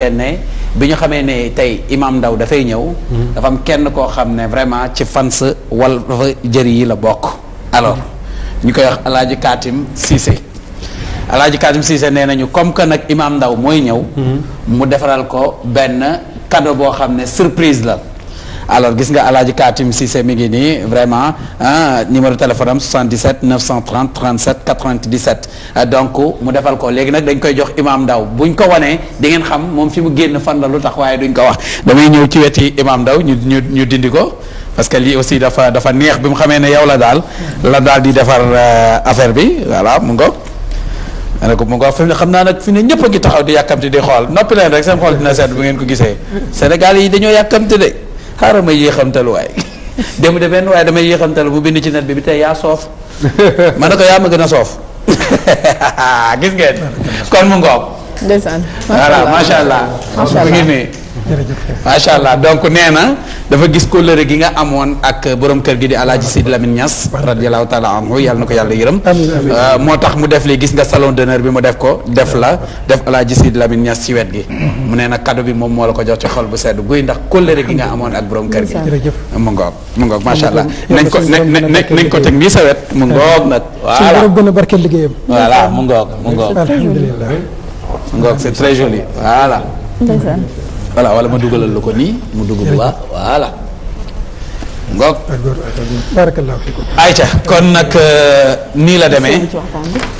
ne bi ñu xamee ne tey imam Ndaw dafay ñëw mhm. dafa kenn koo xam ne vraiment ci fans wal fa jëri yi la bokk alors ñu koy wax alaaji Katim Cissé alaaji Katim Cissé nee nañu comme que nag imam Ndaw mooy ñëw mhm. mu defaral ko benn cadeau boo xam ne surprise la alors gis nga alaaji Katim Cissé mi ngi nii vraiment numéro téléphone am 77 930 37 97 donc mu defal ko léegi nag dañ koy jox imam Ndaw buñ ko wanee di ngeen xam moom fi mu génn fan la lu tax waaye duñ ko wax damay ñëw ci weti imam Ndaw ñu dindi ko parce que lii aussi dafa dafa neex bi mu xamee ne yow la daal la daal di defar euh, affaire bi voilà mu ngoog ma ne ko mu xam naa nag fi ne ñëpp ngi taxaw xaaral ma yéexamtal waay démb de benn waaye damay yéexamtal bu bind ci net bi bi tey yaa soof ma ne ko yaa ma gën a soof gis ngeen kon mu ngoog. ndeysaan macha allah voilà allah. macha allah mu ngi nii. jërëjëf macha allah donc nee na dafa gis kóllëre gi nga amoon ak borom kër gi di Alaaji Sidi Lamine Niass radiallahu taala anhu yàlla na ko yàlla yërëm moo tax mu def li gis nga salon d'honneur bi mu def ko def la def Alaaji Sidi Lamine ñas ci wet gi mu nee na cadeau bi moom moo la ko jox ci xol bu sedd guy ndax kóllëre gi nga amoon ak borom kër gi mu ngoog mu ngoog macha allah nañ ko nañ ko teg nii sa wet mu ngoog nag voilà a barkeel liggéeyam mu ngoog mu ngoog mu ngoog c'est très joli voilà wala ma dugalal la ko nii mu dugg bu baax voilà ngoog barakallahu kon nag euh, nii la demee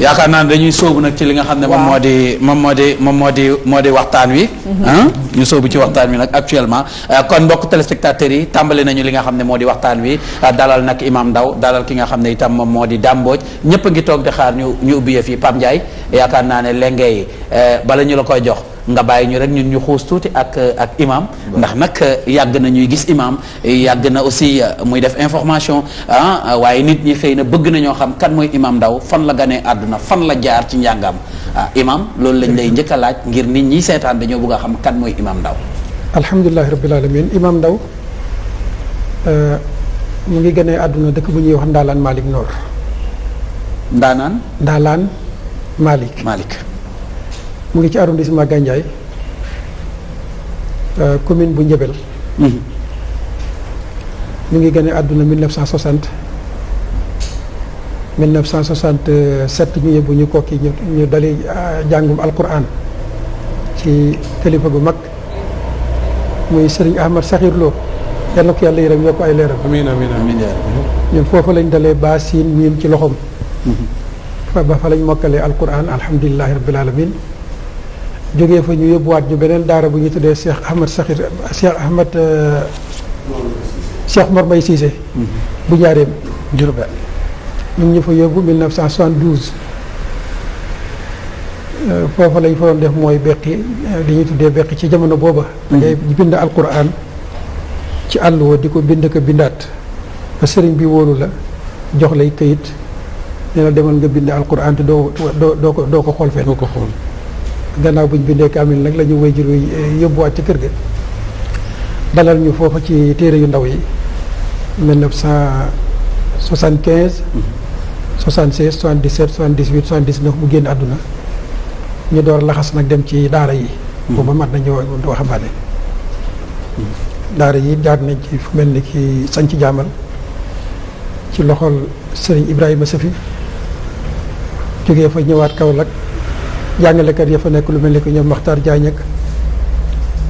yaakaar naa ne dañuy sóobu nag ci li nga xam ne moom moo di moom moo di moom moo di moo di waxtaan wi mhm. ñu soobu ci waxtaan wi nag actuellement euh, kon mbokk téléspectateurs yi tàmbali nañu li nga xam ne moo di waxtaan wi euh, dalal nag imam Ndaw dalal ki nga xam ne itam moom moo di dàmbooj ñëpp a ngi toog di xaar ñu ñu ubbi yëf yi Ndiaye yaakaar naa ne lenge yi bala ñu la koy jox nga bàyyi ñu rek ñun ñu xuus tuuti ak ak imam ndax nag yàgg na ñuy gis imaam yàgg na aussi euh, muy def information ah waaye nit ñi xëy na bëgg na ñoo xam kan mooy imaam Ndao fan la ganee àdduna fan la jaar ci njàngam ah, imaam loolu lañ lay njëkk a laaj ngir nit ñi seetaan dañoo bëgg a xam kan mooy imaam Ndao alhamdulilahi rabbil alamin imam Ndao euh, mu ngi gënee àdduna dëkk bu ñuy wax Ndaalaan Malick Noor. Ndaanaan. Ndaalaan Malick mu ngi ci arrondissement Gandiaye euh, commune bu Njëbel mhm. mu ngi gane àdduna 1960 1967 ñu yóbbu ñu kokki ñu ñu dali euh, jàngum alquran ci kilifa gu mag muy Serigne Ahmad Sakhir Lo na ko yàlla yërëm yokk ay leeram amiin amiin amiin lañ dalee baa miim ci loxoom mhm. ba fa lañ mokkalee alquran alhamdulilahi rabbil alamin jógee fa ñu yóbbuwaat ñu beneen daara bu ñu tuddee Cheikh Ahmed Sakhir Cheikh Ahmed euh, Cheikh Mor Mbaye Cissé mm-hmm. bu jaareem Diourbel ñu ngi ñu fa yóbbu 1972 euh, foofa lañ fa doon def mooy beqi euh, li ñuy tuddee beqi ci jamono booba mm-hmm. ngay bind alquran ci àll woo di ko bind ko bindaat ba sëriñ bi wóolu la jox lay këyit ne la demal nga bind alquran te doo doo doo ko doo xool fenn doo ko xool gannaaw buñ bindee kaamil nag la ñu wéy juru eh, yóbbuwaat ci kër ga dalal ñu foofa ci téere yu ndaw yi 1975 76 77 78 79 mu génn àdduna ñu door laxas nag dem ci daara yi booba mat nañu waxambaane daara yi jaar nañ ci fu mel ni ki sanc jaamal ci loxol Serigne Ibrahima sëfi jógee fa ñëwaat kaw Kaolack jàngalekat ya fa nekk lu mel ni que ñoom maxtar Diagne ak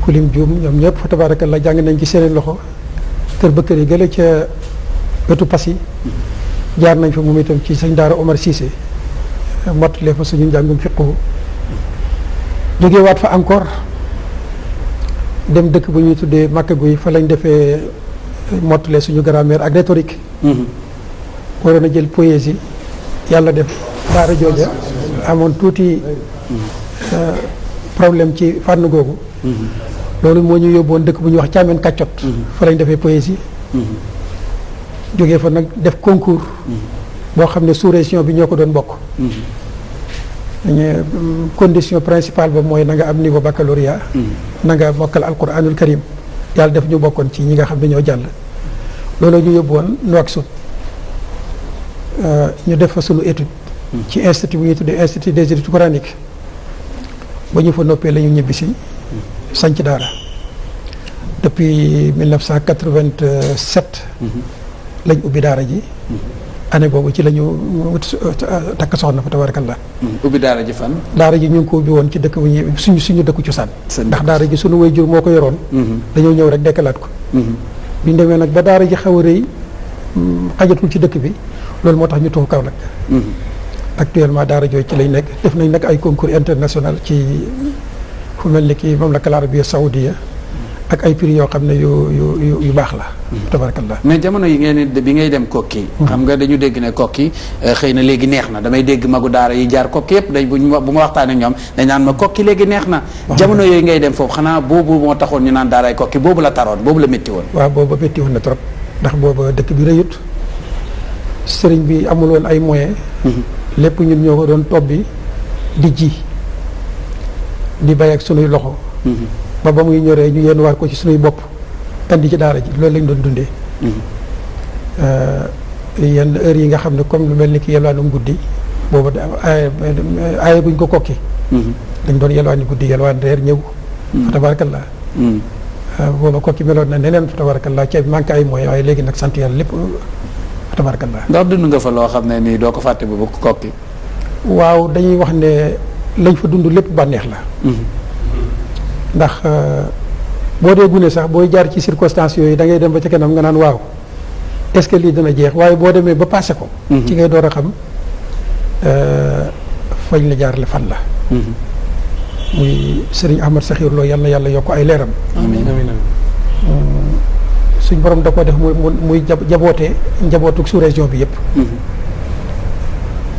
Kulim Dioum ñoom ñëpp fa la jàng nañ ci seeni loxo kër ba kër yi gële ca ëttu pas yi jaar nañ fa moom itam ci sëñ Daara Omar Cissé mottalee fa suñu njàngum fiqhu jógewaat fa encore dem dëkk bu ñuy tuddee Makka guy fa lañ defee mottalee suñu grammaire ak rhétorique mhm. waroon a jël poésie yàlla def daara jooja amoon tuuti euh, problème ci fànn googu loolu moo ñu yóbboon dëkk bu ñuy wax Caamen Kaccot fa lañ defee poésie jógee fa nag def concours boo xam ne sous région bi ñoo ko doon bokk dañu euh, condition principale ba mooy nanga nga am niveau baccalauréat na nga mokkal alquranul karim yàlla def ñu bokkoon ci ñi nga xam ne ñoo jàll loolu ñu yóbbu woon Nouakchott euh, ñu def fa sunu étude ci institut bu ñu tuddee institut des études coraniques ba ñu fa noppee la ñu ñibbi si sanc daara depuis 1987. lañ ubbi daara ji. année boobu ci la ñu euh, takk soxna fa tabarakallah ubbi daara ji fan. daara ji ñu ngi ko ubbi woon ci dëkk bu suñu suñu dëkku cosaan. ndax daara ji suñu waajur moo ko yoroon. Mhm. dañoo ñëw rek dekkalaat ko. Mhm. bi ñu demee nag ba daara ji xaw a rëy mm, xajatul ci dëkk bi loolu moo tax ñu tuxu kaw nag. Mhm. actuellement daara jooju ci lay nekk def nañ nag ay concours international ci fu mel ni kii moom la kalaar bi saoudia ak ay prix yoo xam ne yu yu yu baax la. Hmm. tabarakallah mais jamono yi ngeen bi ngay dem kokki hmm. xam nga dañu dégg ne kokki eh, xëy na léegi neex na damay dégg magu daara yi jaar kokki yëpp dañ bu ma waxtaanee ak ñoom dañ naan ma kokki léegi neex na. jamono yooyu ngay dem foofu xanaa boobu moo taxoon ñu naan daaraay kokki boobu la taroon boobu la métti woon. waaw na trop ndax boobu dëkk bi rëyut sëriñ bi amul ay moyens. Hmm. lépp ñun ñoo ko doon tobbi di ji di bay ak sunuy loxo mm-hmm. ba ba muy ñoree ñu yenn waat ko ci sunuy bopp di ci daara ji loolu lañ doon dundee mm-hmm. euh, yenn heure yi nga xam ne comme lu mel ni ki yelwaanum guddi boobu aaye guñ ko kokki mm-hmm. dañ doon yelwaan guddi yelwaan reer ñëw fa la euh, booba kokki meloon na neneen fa tabarakallah ceeb manqué ay mooy waaye léegi nag sant yàlla lépp tabarkalla ndax dund nga fa loo xam ne nii doo ko fàtte bu kokki waaw dañuy wax ne lañ fa dund lépp bànneex la mhm. ndax euh, boo dee gune sax booy jaar ci circonstances yooyu da ngay dem ba ci kanam nga naan waaw est-ce que lii dana jeex waaye boo demee ba passé ko mhm. ci ngay door a xam euh, fañ la jaarale fan la mhm. muy sëriñ Ahmad Saxiir Lo yàlla yàlla yokk ay leeram mm. suñ borom da ko def muy muy jabootee njabootu su région bi yëpp. Mm-hmm.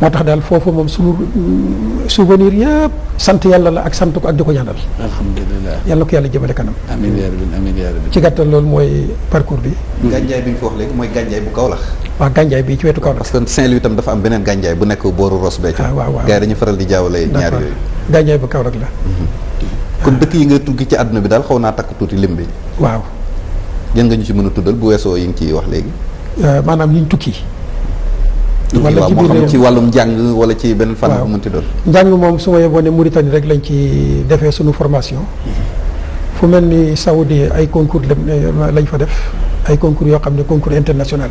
moo tax daal foofu moom suñu mm, souvenir yëpp sant yàlla la ak sant ko ak di ko ñaanal. alhamdulilah yàlla ko yàlla jëmale kanam. amiin yaa rabbi amiin yaa ci gàttal loolu mooy parcours bi. gànjaay bi ñu fi wax mooy gànjaay bu kaw Kaolack. waaw gànjaay bi ci wetu Kaolack. parce que Saint-Louis itam dafa am beneen gànjaay bu nekk booru Ross Béthio. ah waaw waaw gars dañu faral di jaaw jaawale ñaar yooyu. gànjaay bu Kaolack la. Mm-hmm. kon dëkk yi nga tukki ci àdduna bi daal xaw naa takk tuuti lim bi. yan nga ñu ci mën a tuddal bu weesoo yi nga ciy wax léegi. Euh, maanaam ñu tukki. wala ci biir moo xam ci wàllum jàng wala ci benn fànn bu mënti doon. njàng moom su ma yeboo ne Mauritanie rek lañ ci defee suñu formation. Mhm. fu mel ni Saoudi ay concours euh, lañ fa def ay concours yoo xam ne concours international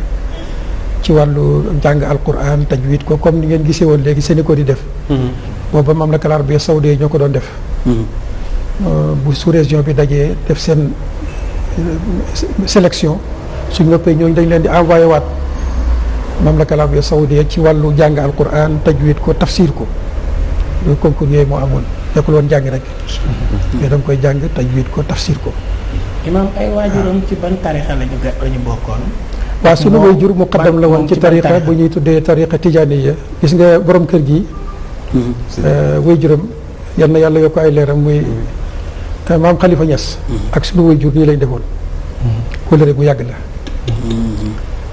ci wàllu jàng alquran tajwid ko comme ni ngeen gisee woon léegi seeni ko di def. Mhm. booba mam la kalaar bi Saoudi ñoo ko doon def. Mhm. Euh, bu sous région bi dajee seen. Euh, sélection suñ noppee ñooñu dañ leen di envoyé waat mamlaka Arabia Saoudia ci wàllu jàng alquran tajwid ko tafsir ko loolu concours moo amoon nekkul jàng rek mais koy jàng tajwid ko tafsir ko imaam ay waajuram ci ban tarixa lañu lañu bokkoon waaw sunu waajur la woon ci tarixa bu ñuy tuddee tarixa tijaaniya gis nga borom kër gi mm-hmm. euh, waajuram yal na yàlla yokk ay leeram muy te maam Khalifa Niass. ak suñu waajur nii lañ defoon. kóllëre gu yàgg la.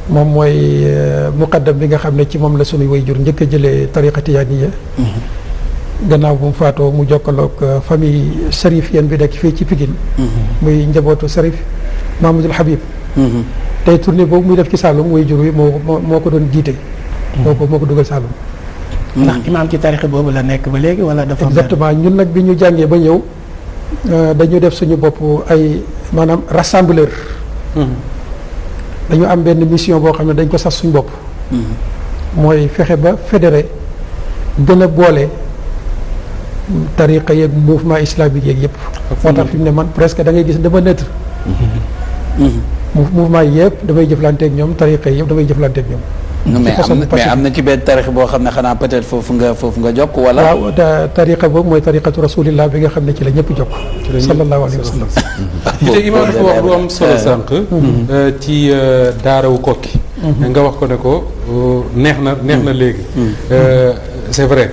moom mooy euh, muqaddam bi nga xam ne ci moom la suñu waajur njëkk a jëlee tariqa tijaaniya gannaaw bu mu faatoo mu jokkalook euh, famille Serif yéen bi nekk fii ci Pikine. muy njabootu Serif Mamadul Habib. tey tournée boobu muy def ci Saloum jur wi moo moo ko doon jiite. moo ko moo ko dugal Saloum. ndax imaam ci tariqa boobu la nekk ba léegi wala dafa. exactement ñun nag bi ñu jàngee ba ñëw. Euh, dañu def suñu bopp ay maanaam rassembleur. Mhm. dañu am benn mission boo xam ne dañ ko sas suñu bopp. Mhm. mooy fexe ba fédéré gën a boole tariqa yeeg mouvement islamique yeeg yëpp. moo tax fi mu ne man presque dangay ngay gis dama neutre. Mhm. mouvement yëpp damay jëflanteeg ñoom tariqa yëpp damay jëflanteeg ñoom. mais am na ci benn tarixa boo xam ne xanaa peut-être foofu nga foofu nga jokk wala waaw tarixa boobu mooy tariqatu rasulillah bi nga xam ne ci la ñëpp jokk sallallahu alayhi wa sallam te imaam dafa wax lu solo sànq mm-hmm. euh, ci euh, daarawu kokki mm-hmm. nga wax ko ko euh, neex na neex na mm-hmm. léegi c'est vrai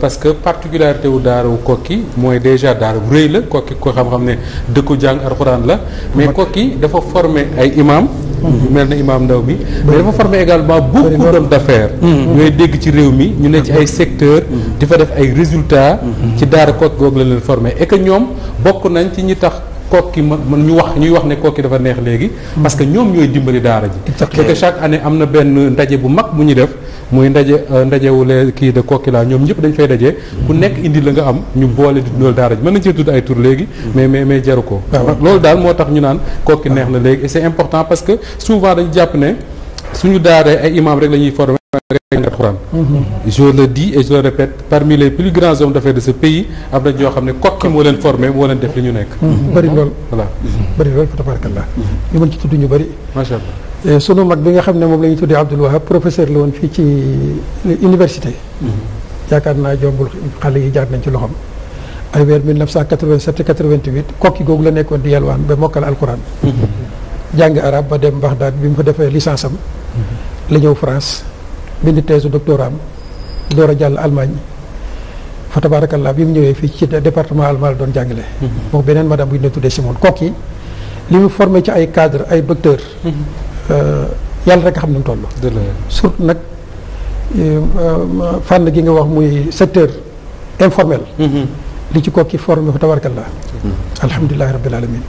parce que particularité wu daara wu kokki mooy déjà daara bu rëy la kokki ko xam-xam ne dëkku jàng alxuraan la mais kokki dafa former ay imam Mm-hmm. mel na Imaam Ndaw bi mais dafa former également beaucoup d'hommes d'affaires mm-hmm. ñooy dégg ci réew mi ñu ne ci ay secteurs mm-hmm. di fa def ay résultats ci daara kook googu la leen former et que ñoom bokk nañ ci ñi tax kokki ma ñu wax ñuy wax ne kokki dafa neex léegi parce que ñoom ñooy dimbali daara ji parce chaque année am na benn ndaje bu mag mu ñu def muy ndaje euh, ndajewulee kii de Kokila ñoom ñëpp dañ fay dajee ku nekk indi la nga am ñu boole di dundal daara ji mën nañ cee tudd ay tur léegi mais mais mais jaru ko ah loolu daal moo tax ñu naan kokki neex na léegi et c'est important parce que souvent dañ jàpp ne suñu daaree ay imam rek la ñuy Mhm. je le dis et je le répète parmi les plus grands hommes d'affaires de ce pays am na ñoo xam ne kokki moo leen formé moo leen def li ñu nekk mhm. bëri lool voilà bëri lool fa tabarakallah mhm. ñu mën ci tudd ñu bëri macha allah eh, sunu mag bi nga xam ne moom la ñu tuddee Abdoul Wahab professeur la woon fii ci euh, université yaakaar naa jombul xale yi jaar nañ ci loxoom ay weer 1987 88 kokki googu la nekkoon di yalwaan ba mokkal alquran jàng arab ba dem Bagdad bi mu fa defee licence am la ñëw France bind teesu doctorat am door a jàll Allemagne fa tabaarakallaa bi mu ñëwee fii ci département allemand la doon jàngale. Mhm. moom beneen madame bu ñu doon tuddee Simone moon yi li mu formé ci ay cadre ay docteur mhm. euh, yàlla rek xam na mu toll. surtout nag euh, fànn gi nga wax muy secteur informel. Mhm. li ci kooki formé fa tabaarakallaa. alhamdulilah rabbil alamin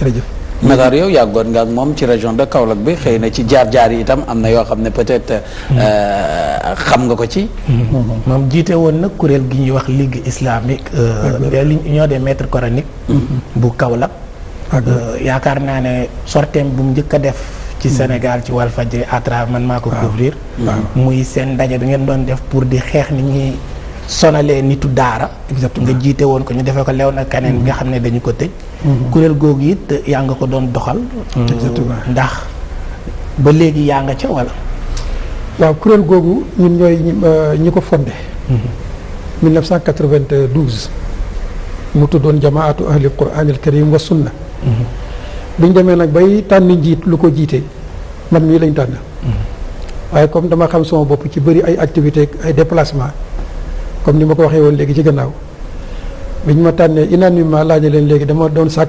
jërëjëf. Matar yow yàggoon nga ak moom ci région de Kaolack bi xëy na ci jaar-jaar yi itam am na yoo xam ne peut-être mm-hmm. euh, xam nga ko ci mm-hmm. moom jiite woon nag kuréel gi ñuy wax ligue islamique l'union euh, de maîtres coraniques mm-hmm. bu Kaolack euh, yaakaar naa ne sorteem bu mu njëkk a def ci Sénégal ci Walfadjri à man maa ko couvrir muy seen ndaje bi ngeen doon def pour di xeex ni ñi sonalee nitu daara nga jiite woon ko ñu defee ko lew na kaneen bi nga xam ne dañu ko tëj kuréel googu it yaa nga ko doon doxal. ndax ba léegi yaa nga ca wala. waaw kuréel googu ñun ñooy ñi euh, ko fondé. 1992. Mhm. mu tuddoon jamaatu ahli quraanil yi wa na mhm. biñ demee nag bay tànn njiit lu ko jiite man mii lañ tànn. Mhm. waaye comme dama xam sama bopp ci bëri ay activités ay déplacement comme ni ma ko waxee woon léegi ci gannaaw. ñu ma tànnee unanimement laaj leen léegi dama doon sàkk